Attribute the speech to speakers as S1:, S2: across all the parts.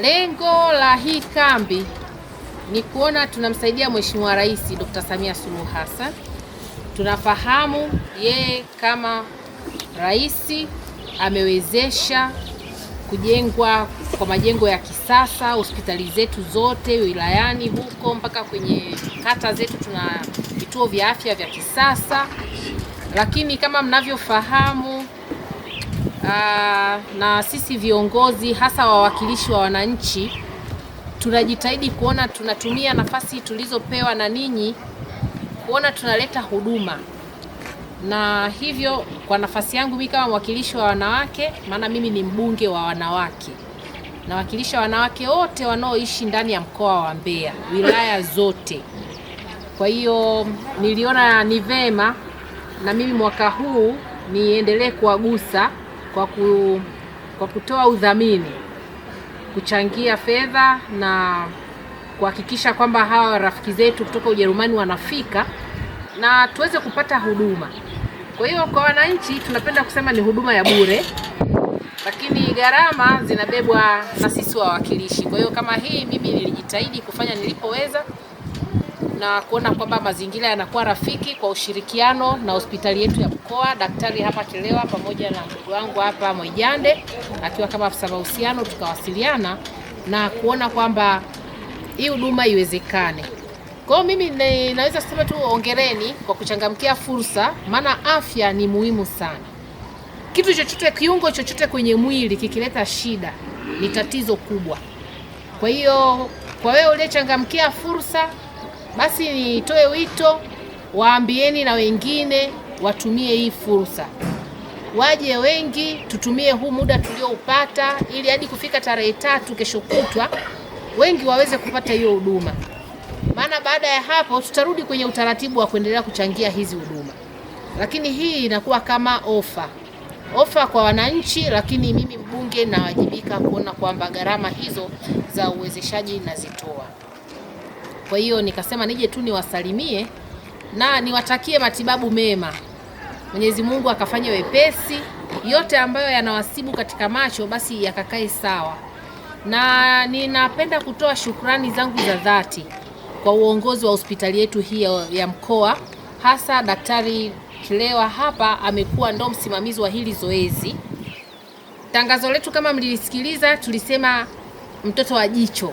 S1: Lengo la hii kambi ni kuona tunamsaidia Mheshimiwa Rais Dr. Samia Suluhu Hassan. Tunafahamu yeye kama rais amewezesha kujengwa kwa majengo ya kisasa hospitali zetu zote wilayani huko mpaka kwenye kata zetu, tuna vituo vya afya vya kisasa, lakini kama mnavyofahamu uh, na sisi viongozi hasa wawakilishi wa wananchi tunajitahidi kuona tunatumia nafasi tulizopewa na ninyi kuona tunaleta huduma, na hivyo kwa nafasi yangu mimi kama mwakilishi wa wanawake, maana mimi ni mbunge wa wanawake, nawakilisha wanawake wote wanaoishi ndani ya mkoa wa Mbeya, wilaya zote. Kwa hiyo niliona ni vema na mimi mwaka huu niendelee kuwagusa kwa, ku, kwa kutoa udhamini, kuchangia fedha na kuhakikisha kwamba hawa rafiki zetu kutoka Ujerumani wanafika na tuweze kupata huduma. Kwa hiyo kwa wananchi tunapenda kusema ni huduma ya bure, lakini gharama zinabebwa na sisi wawakilishi. Kwa hiyo kama hii, mimi nilijitahidi kufanya nilipoweza na kuona kwamba mazingira yanakuwa rafiki kwa ushirikiano na hospitali yetu ya mkoa, daktari hapa Kilewa pamoja na mdogo wangu hapa Mwijande akiwa kama afisa mahusiano, tukawasiliana na kuona kwamba hii huduma iwezekane. Kwa hiyo mimi ne, naweza sema tu ongereni kwa kuchangamkia fursa, maana afya ni muhimu sana. Kitu chochote, kiungo chochote kwenye mwili kikileta shida ni tatizo kubwa. Kwa hiyo kwa wewe uliyechangamkia fursa basi nitoe wito, waambieni na wengine watumie hii fursa, waje wengi, tutumie huu muda tulioupata, ili hadi kufika tarehe tatu, kesho kutwa, wengi waweze kupata hiyo huduma, maana baada ya hapo tutarudi kwenye utaratibu wa kuendelea kuchangia hizi huduma, lakini hii inakuwa kama ofa ofa kwa wananchi, lakini mimi mbunge nawajibika kuona kwamba gharama hizo za uwezeshaji nazitoa. Kwa hiyo nikasema nije tu niwasalimie na niwatakie matibabu mema. Mwenyezi Mungu akafanya wepesi yote ambayo yanawasibu katika macho, basi yakakae sawa. Na ninapenda kutoa shukrani zangu za dhati kwa uongozi wa hospitali yetu hii ya mkoa, hasa Daktari Kilewa hapa amekuwa ndo msimamizi wa hili zoezi. Tangazo letu kama mlilisikiliza, tulisema mtoto wa jicho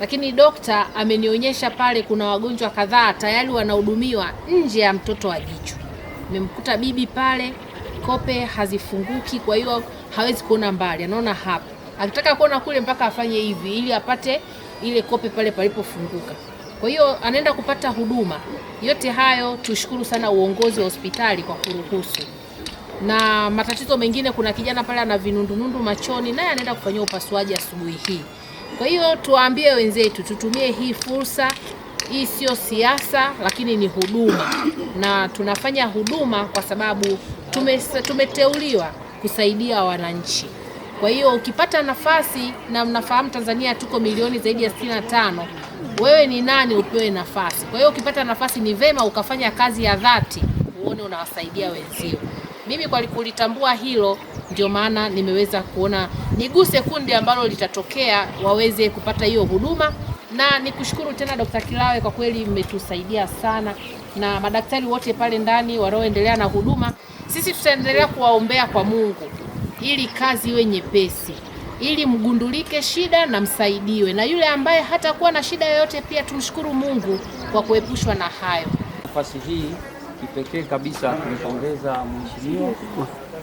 S1: lakini dokta amenionyesha pale kuna wagonjwa kadhaa tayari wanahudumiwa nje ya mtoto wa jicho. Nimemkuta bibi pale, kope hazifunguki, kwa hiyo hawezi kuona mbali, anaona hapa. Akitaka kuona kule mpaka afanye hivi ili apate ile kope pale palipofunguka. Kwa hiyo anaenda kupata huduma. Yote hayo tushukuru sana uongozi wa hospitali kwa kuruhusu. Na matatizo mengine, kuna kijana pale ana vinundunundu machoni, naye anaenda kufanyia upasuaji asubuhi hii. Kwa hiyo tuwaambie wenzetu tutumie hii fursa. Hii sio siasa, lakini ni huduma, na tunafanya huduma kwa sababu tume, tumeteuliwa kusaidia wananchi. Kwa hiyo ukipata nafasi, na mnafahamu Tanzania tuko milioni zaidi ya tano, wewe ni nani upewe nafasi? Kwa hiyo ukipata nafasi ni vema ukafanya kazi ya dhati, uone unawasaidia wenzio. Mimi kwa kulitambua hilo ndio maana nimeweza kuona niguse kundi ambalo litatokea waweze kupata hiyo huduma, na nikushukuru tena Dr. Kilawe, kwa kweli mmetusaidia sana, na madaktari wote pale ndani wanaoendelea na huduma, sisi tutaendelea kuwaombea kwa Mungu ili kazi iwe nyepesi, ili mgundulike shida na msaidiwe, na yule ambaye hatakuwa na shida yoyote pia tumshukuru Mungu kwa kuepushwa na hayo.
S2: Nafasi hii kipekee kabisa, tumepongeza mheshimiwa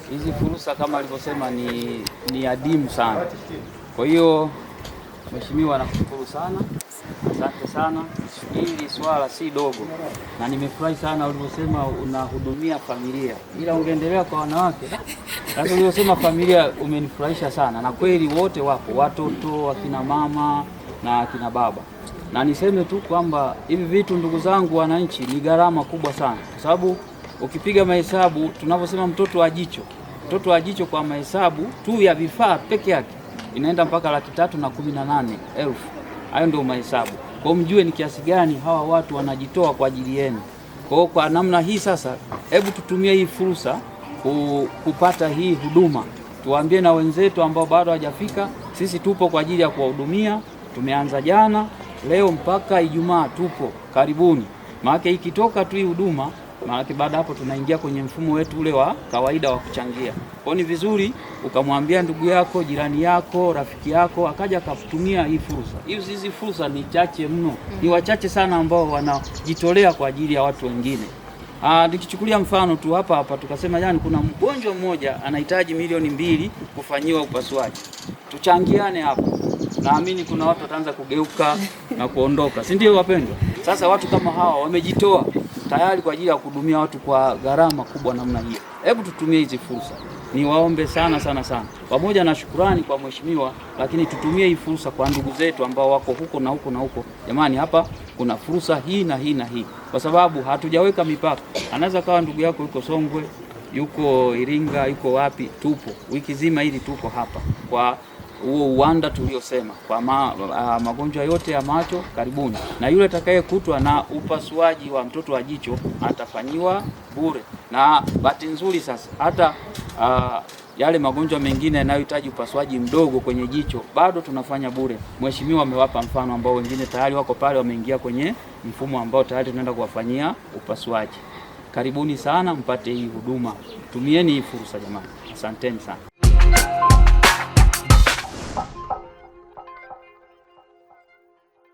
S2: hizi fursa kama alivyosema ni, ni adimu sana. Kwa hiyo Mheshimiwa, nakushukuru sana, asante sana. Hili swala si dogo, na nimefurahi sana ulivyosema unahudumia familia, ila ungeendelea kwa wanawake. Sasa ulivyosema familia umenifurahisha sana, na kweli wote wapo, watoto, akina mama na akina baba na niseme tu kwamba hivi vitu, ndugu zangu wananchi, ni gharama kubwa sana kwa sababu ukipiga mahesabu, tunavyosema mtoto wa jicho, mtoto wa jicho kwa mahesabu tu ya vifaa peke yake inaenda mpaka laki tatu na kumi na nane elfu. Hayo ndio mahesabu, kwa mjue ni kiasi gani hawa watu wanajitoa kwa ajili yenu. Kwa kwa namna hii sasa, hebu tutumie hii fursa kupata hii huduma, tuwaambie na wenzetu ambao bado hawajafika. Sisi tupo kwa ajili ya kuwahudumia, tumeanza jana, leo mpaka Ijumaa tupo. Karibuni, maana ikitoka tu hii huduma maanake baada hapo tunaingia kwenye mfumo wetu ule wa kawaida wa kuchangia. Kwa ni vizuri ukamwambia ndugu yako, jirani yako, rafiki yako akaja akatumia hii fursa. Hizi hizi fursa ni chache mno, ni wachache sana ambao wanajitolea kwa ajili ya watu wengine. Ah, nikichukulia mfano tu hapa hapa tukasema yani kuna mgonjwa mmoja anahitaji milioni mbili kufanyiwa upasuaji. Tuchangiane hapo. Naamini kuna watu wataanza kugeuka na kuondoka. Si ndio wapendwa? Sasa watu kama hawa wamejitoa tayari kwa ajili ya kuhudumia watu kwa gharama kubwa namna hiyo. Hebu tutumie hizi fursa, niwaombe sana sana sana, pamoja na shukurani kwa mheshimiwa, lakini tutumie hii fursa kwa ndugu zetu ambao wako huko na huko na huko. Jamani, hapa kuna fursa hii na hii na hii, kwa sababu hatujaweka mipaka. Anaweza kawa ndugu yako yuko Songwe, yuko Iringa, yuko wapi. Tupo wiki zima hili, tuko hapa kwa huo uwanda tuliosema kwa ma, a, magonjwa yote ya macho karibuni, na yule atakayekutwa na upasuaji wa mtoto wa jicho atafanyiwa bure. Na bahati nzuri sasa hata a, yale magonjwa mengine yanayohitaji upasuaji mdogo kwenye jicho bado tunafanya bure. Mheshimiwa amewapa mfano ambao wengine tayari wako pale, wameingia kwenye mfumo ambao tayari tunaenda kuwafanyia upasuaji. Karibuni sana mpate hii huduma, tumieni hii fursa jamani, asanteni sana.